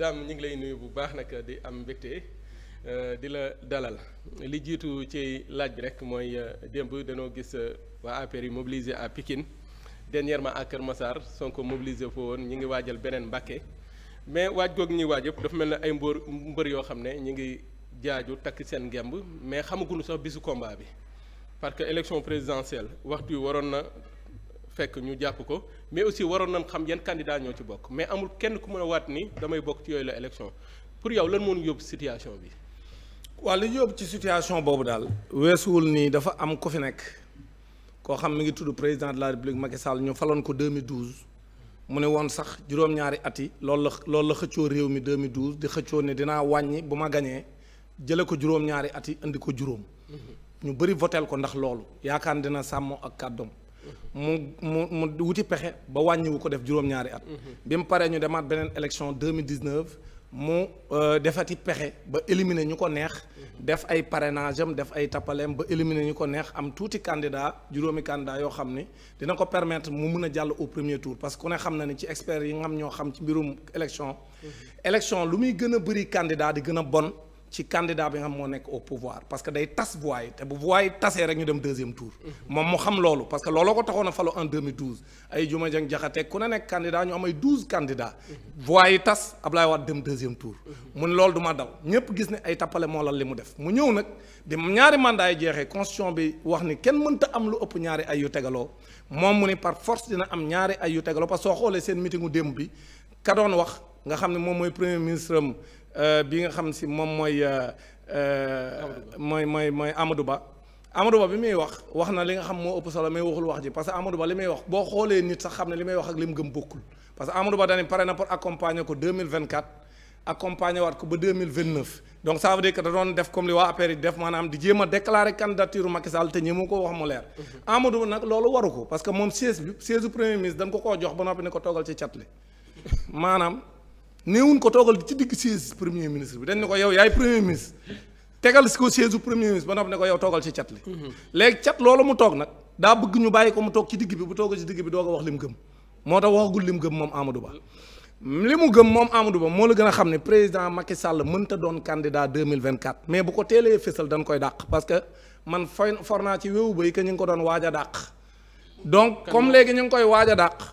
daam ñu ngi lay nuyu bu baax nag di am mbégte euh, di la dalal li jiitu ci laaj bi rek mooy euh, démb danoo gis euh, waa APR yi mobilisé à Pikine dernièrement à Kër Massar Sonko mobilisé foo woon ñu ngi waajal beneen Mbàkke mais waaj goog ñuy waaj yëpp dafa mel ne ay mbër mbër yoo xam ne ñu ngi jaaju takk seen ngemb mais xamaguñu sax bisu combat bi parce que élection présidentielle waxtu wi waroon na fekk ñu jàpp ko mais aussi waroon nañ xam yenn candidat ñoo ci bokk mais amul kenn ku mën a waat ni damay bokk ci yooyu la élection pour yow lan moo yóbbu situation bi. waaw li ñu yóbbu ci situation boobu daal. weesuwul nii dafa am ko fi nekk koo xam mi ngi tudd président de la république Macky Sall ñu faloon ko 2012 mu ne woon sax juróom-ñaari at yi loolu la loolu la xëccoo réew mi 2012 di xëccoo ne dinaa wàññi bu ma gañee jële ko juróom-ñaari at yi indi ko juróom. Mhm. ñu bëri votel ko ndax loolu yaakaar dina sàmm ak kàddoom mu mu mu wuti pexe ba wàññiwu ko def juróom-ñaari at mhm. bi mu paree ñu demaat beneen élection 2019 mu euh, defati pexe ba éliminer ñu ko neex mhm. def ay parrainage am def ay tappaleem ba éliminer ñu ko neex am tuuti candidat juróomi candidat yoo xam ne dina ko permettre mu mun a jàll au premier tour parce que ku ne xam na ni ci experts yi nga xam ñoo xam ci mbirum élection mhm. élection lu muy gën a bëri candidat di gën a bon ci candidat bi nga xam moo nekk au pouvoir parce que day tas voix yi te bu voix yi tasee rek ñu dem deuxième tour. moom mu xam loolu parce que looloo ko taxoon a falo en 2012 ay Juma Jeng Jaxate ku ne nekk candidat ñu am ay douze candidats. voix yi tas Ablaye Wade dem deuxième tour. mu loolu du daw ñëpp gis ne ay tappale moo lal mu def mu ñëw nag bi ñaari mandat yi jeexee constitution bi wax ni kenn mënta am lu ëpp ñaari ay yu tegaloo moom mu ne par force dina am ñaari ay yu tegaloo parce que soo xoolee seen meetingu démb bi ka doon wax nga xam ne moom mooy premier ministre am Euh, bi nga xam si moom mooy. Euh, euh, mooy mooy mooy Amadou Ba. Amadou Ba bi muy wax wax na li nga xam moo ëpp solo mais waxul wax ji parce que Amadou Ba li muy wax boo xoolee nit sax xam ne li may wax ak li mu gëm bokkul parce que Amadou Ba dañu pare na pour accompagner ko 2024 accompagner waat ko ba 2029 donc ça veut dire que da doon def comme li waa APR yi def maanaam di jéem a déclarer candidature te ñi mu ko wax mu leer. Mhm. Amadou moom siège bi siège premier ko koo jox ko toogal ci maanaam. néewuñ ko toogal ci digg siège premier ministre bi dañ ne ko yow yaay premier ministre tegal si ko siège premier ministre ba nga xam ko yow toogal ci chat li mhm. léegi cat loolu mu toog nag daa bëgg ñu bàyyi ko mu toog ci digg bi bu toogee ci digg bi doog a wax li mu gëm moo tax waxagul li mu gëm moom Amadou Ba li mu gëm moom Amadou Ba moo la gën a xam ne président Macky Sall mënta doon candidat 2024 mais bu ko teelee fésal dañ koy dàq parce que man foy for naa ci wéewu bay que ngi ko doon waaj a donc comme léegi ñu ngi koy waaj a dàq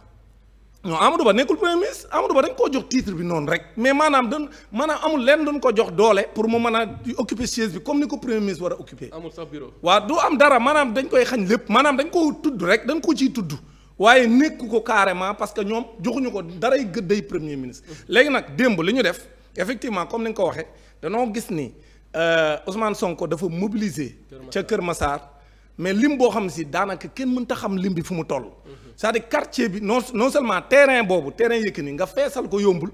non Amadou Ba nekkul premier ministre Amadou Ba dañ koo jox titre bi noonu rek mais maanaam dañ maanaam amul lenn duñ ko jox doole pour mu mën a occuper siège bi comme ni ko premier ministre war a occuper. amul du am dara maanaam dañ koy xañ lépp maanaam dañ koo tudd rek dañ ko ciy tudd waaye nekk ko carrément parce que ñoom joxuñu ko daray gëdday premier ministre. léegi nag démb li ñu def effectivement comme ni nga ko waxee danoo gis ni euh, Ousmane Sonko dafa mobiliser. ca Kër Massar. mais lim boo xam si daanaka kenn mënta xam lim bi fu mu toll. c'est-à-dire quartier bi non non seulement terrain boobu terrain Yékini nga feesal ko yombul.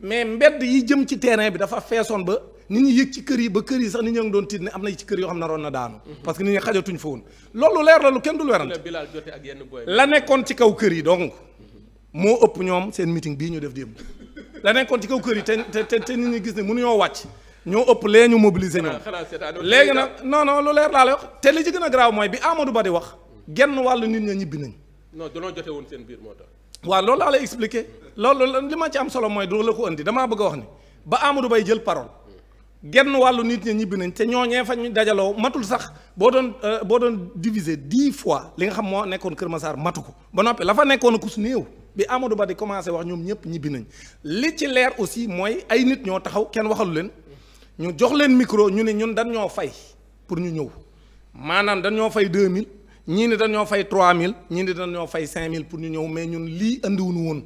mais mbedd yi jëm ci terrain bi dafa feesoon ba nit ñi yëg ci kër yi ba kër yi sax nit ñaa ngi doon tiit ne am na ci kër yoo xam naroon na daanu. parce que nit ñi xajatuñ fa woon. loolu leer la lu kenn dul werante la nekkoon ci kaw kër yi donc moo ëpp ñoom seen meeting bii ñu def démb. la nekkoon ci kaw kër yi te te te nit ñi gis ne mënuñoo wàcc ñoo ëpp lee ñu mobiliser ñoom léegi nag non non lu leer laa lay wax te li ci gën a mooy bi Amadou Ba di wax genn wàllu nit ña ñibbi nañ non danoo jote woon seen biir moo tax waaw loolu laa lay expliqué loolu li ma ci am solo mooy doo la ko andi damaa bëgg a wax ni ba Amadou Bay jël parole genn wàllu nit ña ñibbi nañ te ñoo ñooñee fa ñu dajaloo matul sax boo doon euh, boo doon diviser dix fois li nga xam moo nekkoon Kër ma saar matu ko ba noppi la fa nekkoon ku su néew bi Amadou Ba di commencé wax ñoom ñëpp ñibbi nañ li ci leer aussi mooy ay nit ñoo taxaw kenn waxalu leen ñu jox leen micro ñu ne ñun dañ fay pour ñu ñëw maanaam dañoo fay 2000 ñii ni dañoo fay 3000 ñii ni dañoo fay 5000 pour ñu ñëw mais ñun lii andiwuñu woon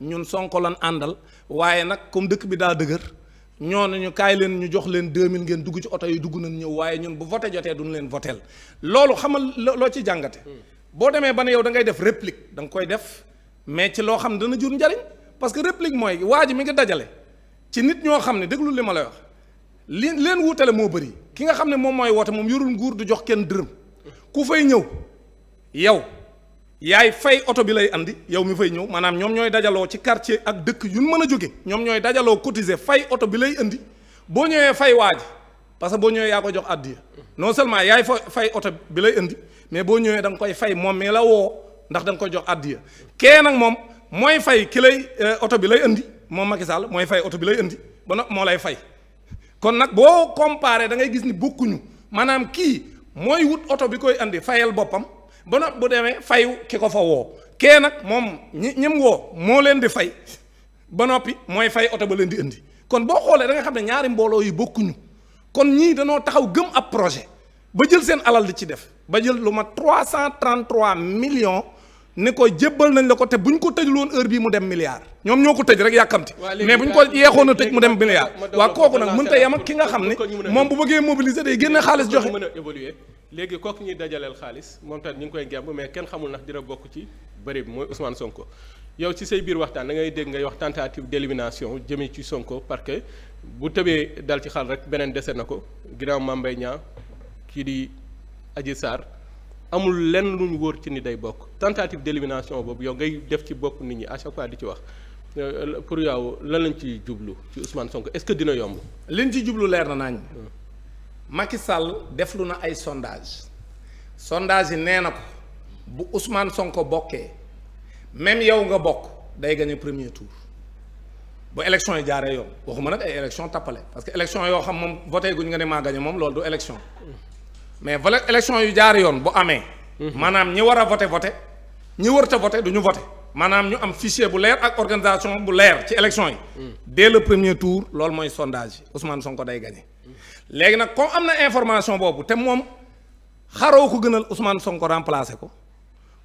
ñun Sonko lan àndal waaye nag comme dëkk bi daa dëgër ñooñu ñu kaay leen ñu jox leen 2000 ngeen dugg ci oto yi dugg nañ ñëw waaye ñun bu voté jotee duñu leen votel loolu xamal loo ci jàngate. Hmm. boo demee ba ne yow da ngay def réplique danga koy def mais ci loo xam ne dana jur njariñ parce que réplique mooy waa ji mi ngi dajale ci nit ñoo xam ne déglu li ma lay wax. li leen wuutale moo bëri ki nga xam ne moom mooy woote moom yorul nguur du jox kenn dërëm ku fay ñëw yow yaay fay oto bi lay andi yow mi fay ñëw maanaam ñoom ñooy dajaloo ci quartier ak dëkk yu mën a jóge ñoom ñooy dajaloo cotiser fay oto bi lay andi boo ñëwee fay parce que boo ñëwee yaa ko jox addiya non seulement yaay fa fay oto bi lay andi mais boo ñëwee danga koy fay moom mi la woo ndax danga nga koy jox addiya kee nag moom mooy fay ki lay euh, oto bi lay indi moom Macky mooy fay oto bi lay indi ba moo lay fay. kon nag boo comparé da ngay gis ni bokkuñu maanaam kii mooy wut oto bi koy andi fayal boppam ba noppi bu demee fayu ki ko fa woo kee nag moom ñi ñim woo moo leen di fay ba noppi mooy fay oto ba leen di indi kon boo xoolee da nga xam ne ñaari mbooloo yi bokkuñu kon ñii danoo taxaw gëm ab projet ba jël seen alal di ci def ba jël lu ma 333 million ni ko jébbal nañ la ko te buñ ko tëjloon heure bii mu dem milliard ñoom ñoo ko tëj rek yàkkamti mais buñ ko yeexoon a tëj mu dem milliard waa kooku nag mënta yem ak ki nga xam ne moom bu bëggee mobiliser day génne xaalis joxe mën a évoluer léegi kooku ñuy dajaleel xaalis moom tamit ñu ngi koy gemb mais kenn xamul ndax dina bokk ci bëri bi mooy Ousmane Sonko yow ci say biir waxtaan da ngay dégg ngay wax tentative d'élimination jëmee ci Sonko parce que bu tëbee dal ci xal rek beneen dese na ko ginnaaw Mame Mbaye Niang kii di Adji Sarr amul lenn lu ñu ci ni day bokk tentative d'élimination boobu yow ngay def ci bokk nit ñi à chaque fois di ci wax euh, pour yow lan lañ ci jublu ci Ousmane sonk est-ce que dina yomb. liñ ci jublu leer na nañ hmm. Macky Sall deflu na ay sondage sondage yi nee na ko bu Ousmane Sonko bokkee même yow nga bokk day gagné premier tour. bu élection yi jaaree yoon waxuma nag ay élection tappale parce que yoo xam moom voté guñ nga ne maa gañe moom loolu du élection hmm. mais vala élection yu jaar yoon bu amee. Mhm. maanaam ñi war a voté voté ñi warut a voté du ñu voté maanaam ñu am fichier bu leer ak organisation bu leer ci élection yi. Mhm. dès le premier tour loolu mooy sondage Ousmane Sonko day gagné. Mhm. léegi nag comme am na information boobu te moom xaroo ko gënal Ousmane Sonko remplacé ko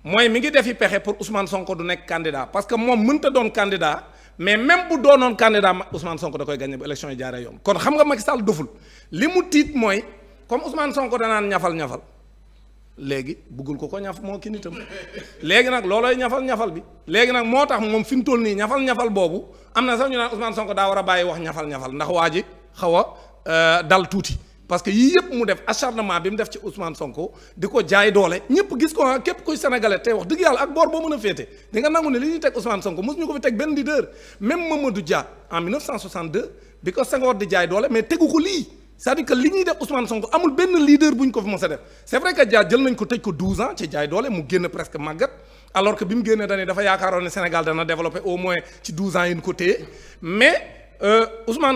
mooy mi ngi def defi pexe pour Ousmane Sonko du nekk candidat parce que moom mënta doon candidat. mais même bu doonoon candidat Ousmane Sonko da koy gagné bu élection yi jaaree yoon kon xam nga Macky Sall doful li mu tiit mooy. comme Ousmane Sonko danaan ñafal ñafal léegi buggul ko ko ñaf moo ki nitam léegi nag loolooy ñafal ñafal bi léegi nag moo tax moom fi mu toll nii ñafal ñafal boobu am na sax ñu naan Ousmane Sonko daa war a bàyyi wax ñafal ñafal ndax waa ji xaw a euh, dal tuuti parce que yii yëpp mu def acharnement bi mu def ci Ousmane Sonko di ko jaay doole ñëpp gis ko ah képp kuy sénégalais tey wax dëgg yàlla ak boor boo mën a féete di nangu ne li ñuy teg Ousmane Sonko mosu ñu ko fi teg benn leader même Mamadou Dia en 1962 bi ko Senghor di jaay doole mais tegu ko lii. c'est-à-dire que li ñuy def Ousmane Sonko amul benn leader bu ñu ko fi mos a def c'est vrai que Dia jël nañ ko tëj ko 12 ans ci jaay doole mu génn presque màggat alors que bi mu génnee dañuy dafa yaakaaroon ne Sénégal dana développer au moins ci 12 ans yi ñu ko téye mais. Euh,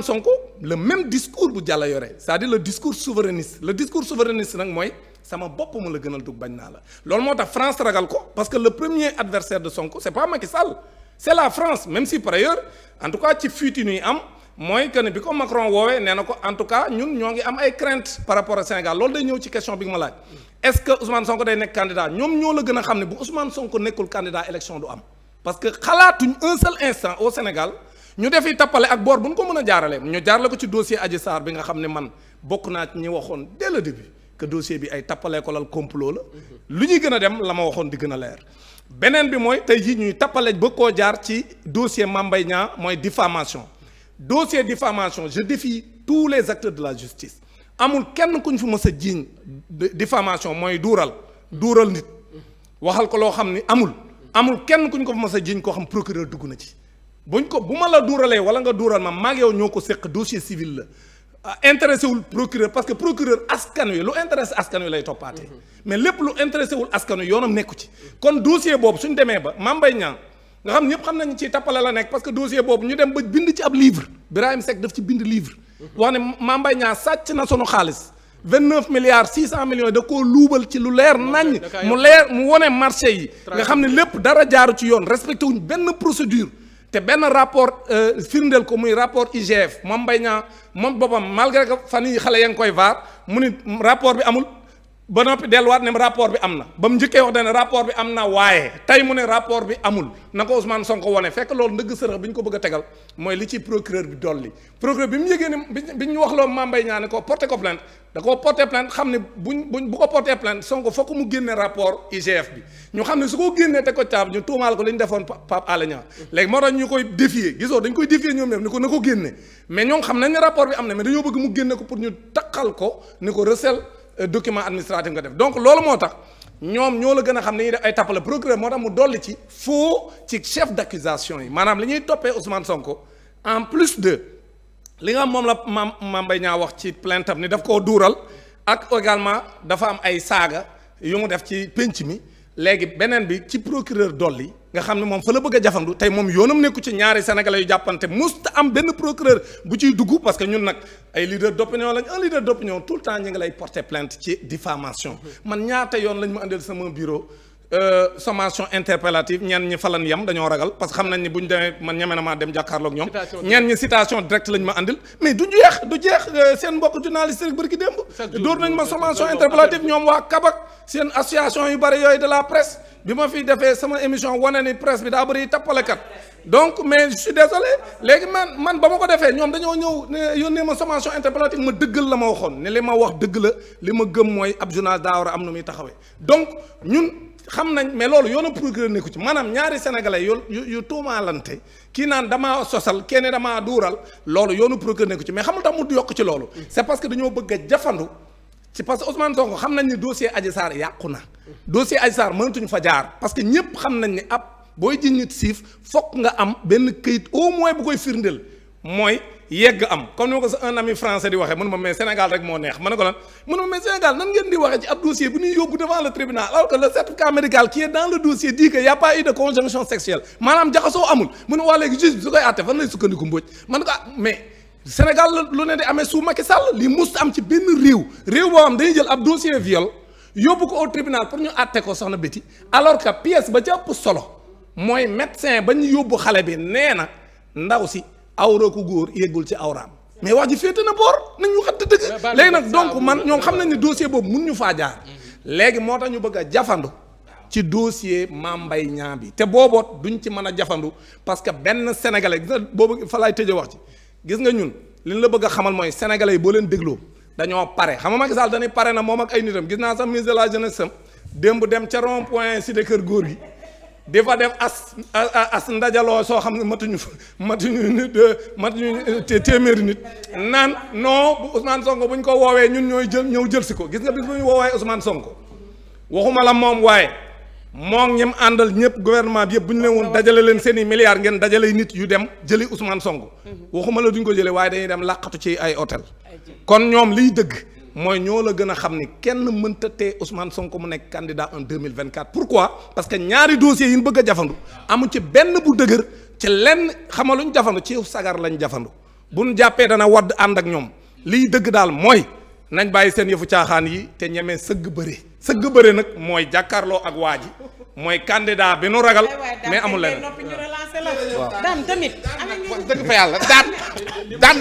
Sonko le même discours bu jàlla yore c'est-à-dire le discours souverainiste le discours souverainiste nag mooy sama bopp ma la gënal dug bañ naa la loolu moo tax France ragal ko parce que le premier adversaire la France même si par ailleurs am mooy que ne bi ko Macron woowee nee na ko en tout cas ñun ñoo ngi am ay crainte par rapport à Sénégal loolu day ñëw ci question bi nga ma laaj est-ce que Ousmane Sonko day nekk candidat ñoom ñoo la gën a xam ne bu Ousmane Sonko nekkul candidat élection du am parce que xalaatuñ un seul instant au Sénégal ñu defi tappale ak boor bu ñu ko mën a jaarale ñu jaarale ko ci dossier Adji Sarr bi nga xam ne man bokk naa ci ñi waxoon dès le début que bi ay tappalee ko lal complot la lu ñuy gën a dem la ma waxoon di gën a leer beneen bi mooy tey jii ñuy tappale ba koo jaar ci dossier Mame Mbaye Niang mooy diffamation dossier diffamation je défie tous les acteurs de la justice amul kenn kuñ fi mës a jiiñ diffamation mooy duural duural nit waxal ko loo xam ni amul amul kenn ku kuñ ko fi mës a jiiñ koo xam procureur dugg na ci buñ ko bu ma la duuralee wala nga duural ma maag yow ñoo ko séq dossier civil la ah, intéressé wul procureur parce que procureur askan wi lu intéressé askan wi lay toppaatee mm-hmm. mais lépp lu intéressé wul askan wi yoonam nekku ci kon dossier boobu suñ demee ba Mame Mbaye Niang nga xam ñëpp xam nañ ci tappale la nekk parce que dossier boobu ñu dem ba bind ci ab livre Birahim Seck def ci bind livre wax ne Mame Mbaye Niang sàcc na sunu xaalis vingt neuf milliards six cent millions da koo luubal ci lu leer nañ mu leer mu wone marché yi nga xam ne lépp dara jaaru ci yoon respecté wuñ benn procédure te benn rapport euh, firndeel ko muy rapport IGF Mame Mbaye Niang moom boppam malgré que fan yi xale yaa ngi koy vaar mu ni rapport bi amul ba noppi delluwaat ne rapport bi am na ba mu njëkkee wax ne rapport bi am na waaye tey mu ne rapport bi amul na ko Ousmane Sonko wane fekk loolu ndëgg sërëx bi ñu ko bëgg a tegal mooy li ci procureur bi dolli procureur bi mu yëgee ne bi ñu wax loo Mame Mbaye Niang ne ko porté ko plainte da koo porté plainte xam ne buñ buñ bu ko porté plainte Sonko fokk mu génne rapport IGF bi ñu xam ne su ko génnee te ko caab ñu tuumaal ko li defoon Pape Alé Niang léegi ñu koy défier gisoo dañ koy défier ñoom ñoom ko ko génne mais ñoom xam nañ ne rapport bi am na dañoo bëgg mu génne ko pour ñu taqal ko ni ko recel document administratif nga def donc loolu moo tax ñoom ñoo la gën a xam ne ñuy def ay tappale procureur moo tax mu dolli ci faux ci chef d'accusation yi maanaam li ñuy toppee Ousmane Sonko en plus de li nga xam moom la Mame Mame Mbaye ñaa wax ci plainte am ni daf koo duural ak également dafa am ay saaga yu mu def ci pénc mi léegi beneen bi ci procureur dolli nga xam ne moom fa la bëgg a jafandu tey moom yoonam nekku ci ñaari sénégalais yu jàppante musta am benn procureur bu ciy dugg parce que ñun nag ay leader d'opinion lañ un leader d'opinion tout le temps ñu ngi lay porter plainte ci diffamation mm-hmm. man ñaata yoon lañ ma indil sama bureau Euh, sommation interpellative ñenn ñi falan yam dañoo ragal parce que xam nañ ni bu demee man ñeme na maa dem jàkkaarloog ñoom ñenn ñi citation directe lañ ma andil mais du jeex du jeex euh, seen mbokk journaliste rek bërki démb dóor nañ ma sommation interpellative ñoom waa kabak seen association yu bëri yooyu de la presse bi ma fi defee sama émission wane ni presse bi daa bëri tappalekat donc mais je désolé léegi man man ba ma ko defee ñoom dañoo ñëw yónnee ma sommation interpellative ma dëggal la ma waxoon ne li ma wax dëgg la li ma gëm mooy ab daa war am nu muy taxawee xam nañ mais loolu yoonu procureur nekku ci maanaam ñaari sénégalais yu yu tuumaalante kii naan damaa sosal kenn damaa duural loolu yoonu procureur nekku ci mais xamul tax mu yokk ci loolu. Mm. c'est parce que dañoo bëgg a jafandu ci parce que Ousmane Sonko xam nañ ni dossier Adji Sarr yàqu na. Mm. dossier Adji Sarr mënatuñ fa jaar parce que ñëpp xam nañ ni ab booy ji nit siif fokk nga am benn këyit au moins bu koy firndeel mooy. yegg am comme ni ma ko sa un ami français di waxee mënu ma mais Sénégal rek moo neex ma ne ko lan mënu ma mais Sénégal nan ngeen di waxee ci ab dossier bu ñuy yóbbu devant le tribunal alors que le certificat médical qui est dans le dossier dit que y' a eu de conjonction sexuelle maanaam jaxasoo amul mënu wax léegi juge bi su koy àtte fan lay sukkandiku mbóoj man ko ah, mais Sénégal lu ne di amee sous Macky Sall li mus am ci benn réew réew boo xam dañuy jël ab dossier viol yóbbu ko au tribunal pour ñu àtte ko soxna Béti alors que pièce ba ca ëpp mooy médecin ba ñu yóbbu xale bi nee na ndaw si awra ku góor yéegul ci awraam mais wax ji féete na boor nañu waxante dëgg léegi nag donc man ñoom xam nañ ne dossier boobu mun ñu faa jaar mhm. léegi moo tax ñu bëgg a jafandu ci dossier maam Mbaye Niang bi te booboot duñ ci mën a jafandu parce que benn sénégalais gis nga boobu fa laay tëjee wax ci gis nga ñun li ñu la bëgg xamal mooy sénégalais yi boo leen dégloo dañoo pare xam nga Macky Sall dañuy pare na moom ak ay nitam gis naa sax ministre de la jeunesse sam démb dem ca rond point cité kër góor gi di fa def as as ndajaloo soo xam ne matuñu matuñu nit euh, matuñu euh, téeméeri nit naan non bu Ousmane Sonko bu ñu ko woowee ñun ñooy jël ñëw jël si ko gis nga bis bu ñu woowee Ousmane Sonko waxuma la moom waaye moom ñim àndal ñëpp gouvernement bi yëpp bu ñu leen woon dajale leen seeni i ngeen dajale nit yu dem jëli Ousmane Sonko mhm. waxuma la duñ ko jëlee waaye dañuy dem làqatu ci ay hôtel kon ñoom liy dëgg. mooy ñoo la gën a xam ni kenn mënta tee Ousmane Sonko mu nekk candidat en 2024 pourquoi parce que ñaari dossiers yi ñu bëgg a jafandu amu ci benn bu dëgër ci lenn xamaluñ jafandu ci sagar lañ jafandu buñ jàppee dana wadd ànd ak ñoom liy dëgg daal mooy nañ bàyyi seen yëfu caaxaan yi te ñemee sëgg bëre sëgg bëre nag mooy jàkkaarloo ak waa ji mooy candidat bi nu ragal mais amul leneen waaw daam tamit. dëgg fa yàlla daam daam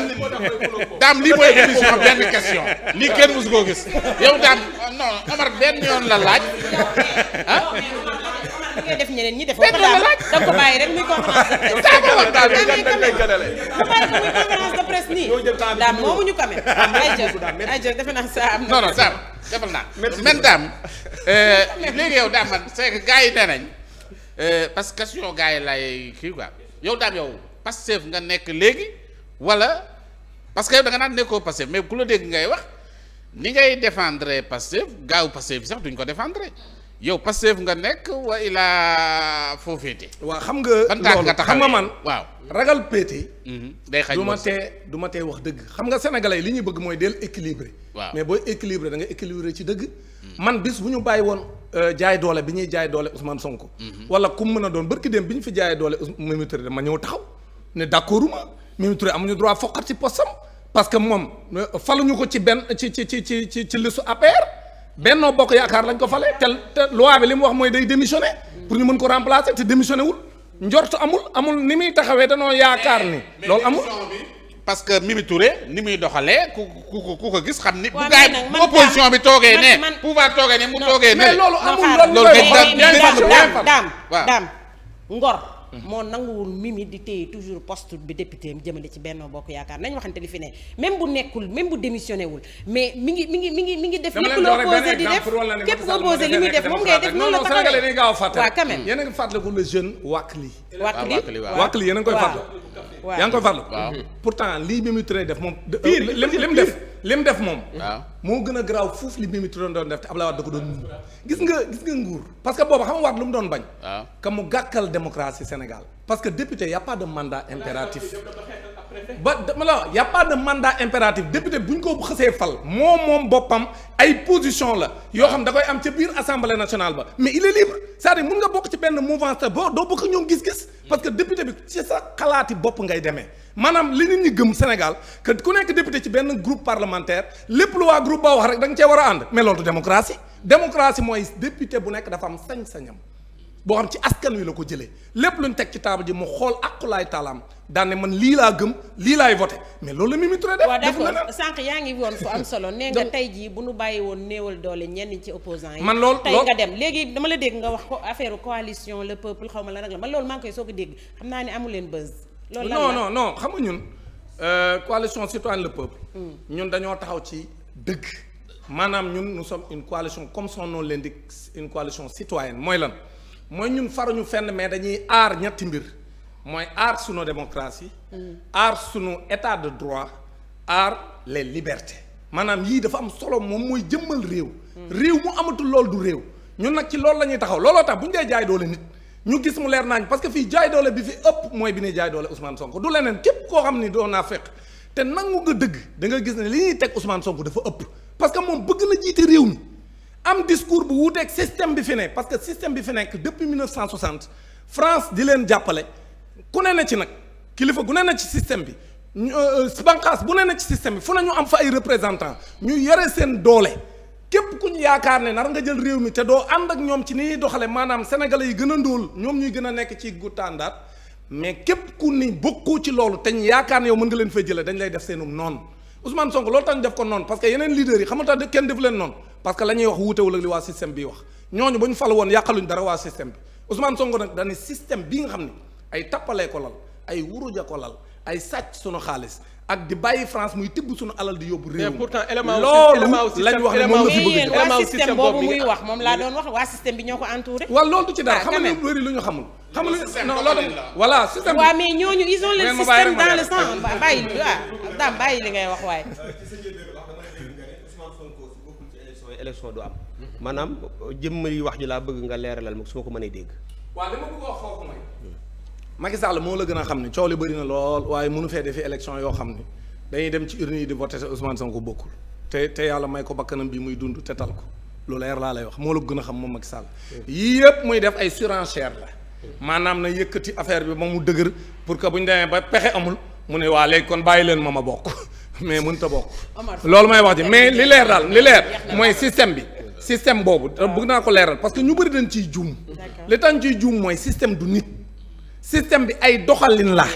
daam lii mooy émission benn question lii kenn mosu koo gis yow daam non Omar benn yoon la laaj ah. ngay def ñeneen ñi def ko daal da ko bàyyi rek muy conférence daam moomuñu quand même. ayca ayca defe naa saa am na. non defal naa même daam euh, léegi yow daam man c'est que gars yi nee nañ euh, parce que question gars yi lay kii quoi yow daam yow Pastef nga nekk léegi wala parce que yow da nga naan nekkoo Pastef mais ku la dégg ngay wax ni ngay défendre Pastef gaaw Pastef bi sax duñ ko défendre yow fu nga nekk waa ilaa foo féete. waaw xam nga. loolu xam nga man waaw. ragal péete. Mhm. day xañ du ma tee du ma tee wax dëgg xam nga sénégalais li ñuy bëgg mooy del équilibré. waaw mais booy équilibré da nga équilibré ci dëgg. Mhm. man bis bu ñu bàyyi woon euh, jaay doole bi ñuy jaay doole Ousmane Sonko. Mhm. wala ku mu mën a doon barki dem bi ñu fi jaayee doole Mimi Touré ma ñëw taxaw ne d'accorduma Mimi Touré amuñu droit foqat ci postam parce que moom euh, faluñu ko ci benn ci ci ci ci ci listu APR. bennoo bokk yaakaar lañ ko fale te te loi li mu wax mooy day démissionné pour ñu mën ko remplacer te démissionné wul njortu amul amul ni muy taxawee danoo yaakaar ni loolu amul parce que Mimi Touré ni muy doxalee ku ku ku ko gis xam ni. bu gaay bu opposition bi toogee ne. man pouvoir toogee ne mu toogee ne. mais loolu amul loolu daam daam ngor. moo nanguwul Mimi di téye toujours poste bi député am jëmale ci Benno Bokk Yaakaar nañ waxante li fi ne même bu nekkul même bu démissionné wul mais mi ngi mi ngi mi ngi mi ngi def lépp loo posé di def képp koo posé li muy def moom ngay def noonu la taxawee waaw quand même yéen a ngi fàttaliku le jeune Wakli Wakli Wakli yéen a ngi koy fàttaliku yaa ngi koy farlu pourtant lii Mimi Touré def moom pire euh, li mu def li mu def moom moo gën a garaaw foofu li Mimi Touré doon def te Abdoulaye Wade da ko doon muur gis nga gis nga nguur parce que boobu xam nga waat lu mu doon bañ que mu gàkkal démocratie Sénégal parce que député yàppaa a pas de mandat impératif ba dama la y' a pas de mandat impératif député bu ñu ko xasee fal moo moom boppam ay position la yoo xam da koy am ca biir assemblée nationale ba mais il est libre cest à mun nga bokk ci benn mouvance boo doo bokk ñoom gis-gis. parce que député bi ci sa xalaati bopp ngay deme manaam li nit ñi gëm Sénégal que ku nekk député ci benn groupe parlementaire lépp lu waa groupe ba wax rek da cee war a ànd mais loolu démocratie démocratie mooy député bu nekk dafa am sañ-sañam. boo xam ci askan wi la ko jëlee lépp lu luñ teg ci table ji mu xool aqulaay taalaam daan ne man lii laa gëm lii laay voté mais loolu la Mimi Touré def. sànq yaa ngi woon fu solo. nee tey jii bu nu bàyyi néewal doole ñenn ci opposants yi. man loolu tey nga dem léegi dama la dégg nga wax ko affaire coalition le peuple xaw ma la nag la man loolu maa ngi koy soog a dégg xam naa ne amu leen buzz. loolu non non non xam nga ñun. Euh, coalition citoyenne le peuple. Hmm. ñun dañoo taxaw ci dëgg. maanaam ñun nous sommes une coalition comme son leen l'indique une coalition citoyenne mooy lan. mooy ñun faruñu fenn mais dañuy aar ñetti mbir mooy aar sunu démocratie. Mm. aar sunu état de droit aar les libertés. maanaam yii dafa am solo moom mooy jëmmal réew. Mm. réew mu amatul lool du réew. ñun nag ci loolu la ñuy taxaw looloo tax bu ñu dee jaay doole nit ñu gis mu leer naañ parce que fii jaay doole bi fi ëpp mooy bi ñuy jaay doole Ousmane Sonko du leneen képp koo xam ni doo naa fekk te nangu nga dëgg da nga gis ne li ñuy teg Ousmane Sonko dafa ëpp parce que moom bëgg na jiite réew mi. am discours bu wuuteeg système bi fi ne parce que système bi fi nekk depuis 1960 France di leen jàppale ku ne na ci nag kilifa gu ne na ci système bi euh, banqaas bu ne na ci système bi fu ne ñu am fa ay représentant ñu yore seen doole képp ku yaakaar ne nar nga jël réew mi te doo ànd ak ñoom ci ni ñuy doxale maanaam sénégale yi gën a ndóol ñoom ñuy gën a nekk ci guttandaat mais képp ku ni bokkoo ci loolu te ñu yaakaar ne yow mën nga leen fay jëlee dañ lay def seenum noonu. Ousmane Sonko loolu tax ñu def ko noonu parce que yeneen leaders yi xam nga tax kenn def leen noonu parce que la ñuy wax wuutewul ak li waa système bi wax ñooñu ba ñu fal woon yàqaluñ dara waa système bi Ousmane Sonko nag dañu système bi nga xam ne ay tappalee ko lal ay wuruja ko lal ay sàcc sunu xaalis ak di bàyyi France muy tibb suñu alal di yóbbu réew mi. mais pourtant loolu lañ wax ne moom la fi système boobu muy wax moom laa doon wax waa système bi ñoo ko entouré. waaw loolu du ci dara ah, xam nga lu bëri lu ñu xamul. xam nga non loolu voilà système bi. waaw mais ñooñu ils ont le système dans le sang bàyyi waaw daam bàyyi li ngay wax waaye. Euh, élection du am maanaam jëmm yi wax ji laa bëgg nga leeralal ma su ko mënee dégg. waaw Macky moo la gën a xam ne coow li bari na lool waaye mënu fee defee élection yoo xam ne dañuy dem ci urne yi di voté te Ousmane Sonko bokkul te te yàlla may ko bakkanam bi muy dund te tal ko lu leer laa lay wax moo la gën a xam moo Macky Sall. yii yëpp muy def ay surenchère la. maanaam na yëkkati affaire bi ba mu dëgër pour que bu ñu demee ba pexe amul mu ne waa léegi kon bàyyi leen ma ma bokk mais mun ta bokk. loolu may wax ji mais li leer daal li leer mooy système bi. système boobu. bëgg naa ko leeral parce que ñu bëri dañ ciy juum. li tax système bi ay doxalin la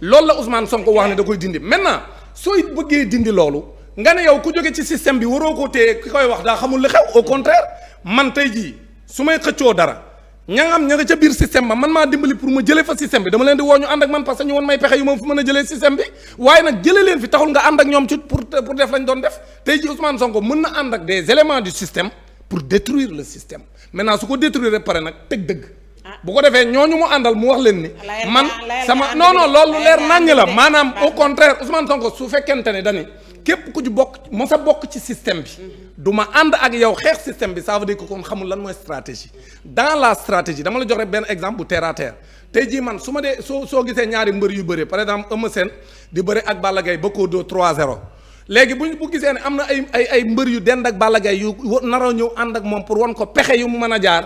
loolu la Ousmane Sonko wax ne da koy dindi maintenant sooy bëggee dindi loolu nga ne yow ku jóge ci système bi waroo ko téye ki koy wax daa xamul li xew au contraire man tey jii su may xëccoo dara ña nga am ña nga ca biir système ba man maa dimbali pour ma jëlee fa système bi dama leen di woo ñu ànd ak man parce que ñu woon may pexe yu ma fu mën a jëlee système bi waaye nag jëlee leen fi taxul nga ànd ak ñoom ci pour def lañ doon def tey na ànd ak des éléments du système pour détruire le système maintenant su ko détruire pare nag teg dëgg bu ko defee ñoo ñu mu àndal mu wax leen ni man sama non non loolu leer naññ la maanaam au contraire Ousmane Sonko su fekkente ne dani képp ku ci bokk mos a bokk ci système bi mhm. duma ànd ak yow xeex système bi ça veut dire kon xamul lan mooy stratégie dans la stratégie dama la jox rek benn exemple bu terre à tey jii man su ma dee soo soo gisee ñaari mbër yu bëri par exemple Eumeu seen di bëri ak Balla Gaye ba ko doo 3 léegi bu ñu bu gisee ne am na ay ay ay mbër yu dend ak Balla Gaye yu naroo ñëw ànd ak moom pour wan ko pexe yu mu mën a jaar.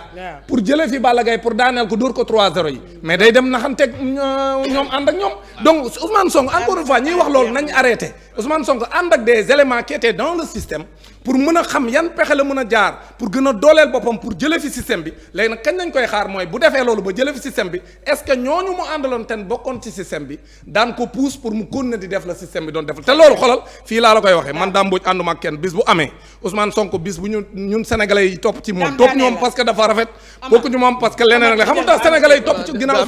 pour jëlee fi Balla Gaye pour daaneel ko dóor ko 3-0 yi. mais day dem naxanteeg euh, ñoom ànd ak ñoom. donc Ousmane Sonko encore une fois ñuy wax loolu nañ arrêté Ousmane Sonko ànd ak des éléments qui dans le système. pour mën a xam yan pexe la mën a jaar pour gën a dooleel boppam pour jëlee fi système bi léegi nag kañ lañ koy xaar mooy bu defee loolu ba jëlee fi système bi est-ce que ñooñu mu àndaloon ten bokkoon ci système bi daan ko pousse pour mu continuer di def la système bi doon def te loolu xolal fii laa la koy waxee man Dame Mbodj ànduma ak kenn bis bu amee Ousmane Sonko bis bu ñu ñun sénégalais yi topp ci moom topp ñoom parce que dafa rafet bokku moom parce leneen ak la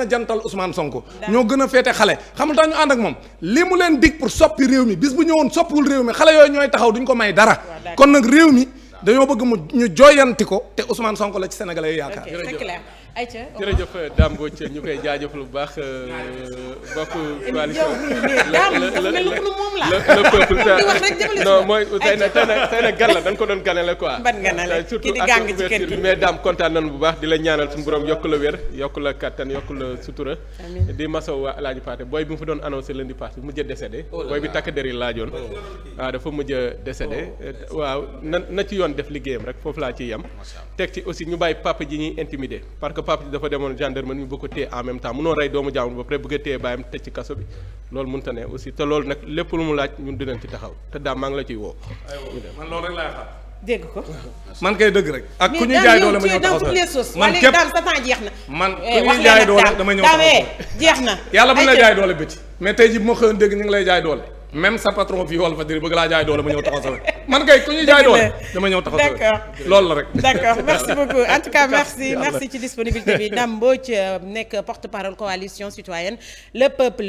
a jantal Ousmane Sonko ñoo gën a féete xale xam nga ñu ànd ak moom li mu leen dig pour soppi woon soppiwul réew mi xale yooyu ñooy taxaw duñ ko may dara kon nag réew mi dañoo bëgg mu ñu joyanti ko te Ousmane Sonko la ci Sénégalais yi yaakaar ayca jërëjëf euh, Dame Mbodj ñu koy jaajëfal bu baax euh, bokk coalition le peuple non mooy tey na tey na tey na gan la dañ ko doon ganale quoi euh, surtout ak bi mais Dame kontaan nañu bu baax di la ñaanal suñu borom yokk la wér yokk la kattan yokk la sutura di masaw waa alaaji Paate booy bi mu fi doon annoncé lundi passé oh bi mujj a décédé booy bi takk der yi laajoon waaw oh. ah, dafa mujj a décédé oh. waaw na na ci yoon def liggéeyam rek foofu laa ci yem teg ci aussi papa ji dafa demoon gendarmerie ñu bëgg ko téye en même munoo rey doomu jaamu ba pare bëgg a téye bàyyam tëj ci kaso bi loolu mënta ne aussi te loolu nag lépp lu mu laaj ñun dinañ ci taxaw te daam maa ngi la ciy woo. man loolu rek laay xaar. dégg ko. man kay dëgg rek. ak ku ñuy jaay doole ma ñëw taxaw sa man képp daal sa temps jeex na. man eh, ku ñuy jaay doole dama ñëw jeex na. yàlla bu ñu la jaay doole bëti mais tey ji bu ma xëyoon dégg ñu ngi lay jaay doole même sa patron fii wal fa diri bëgg laa jaay doole ma ñëw taxaw man kay ku ñuy jaay doole dama ñëw taxaw sa loolu la rek d'accord merci beaucoup en tout cas merci merci ci disponibilité bi Dame Mbodj euh, nekk porte-parole coalition citoyenne le peuple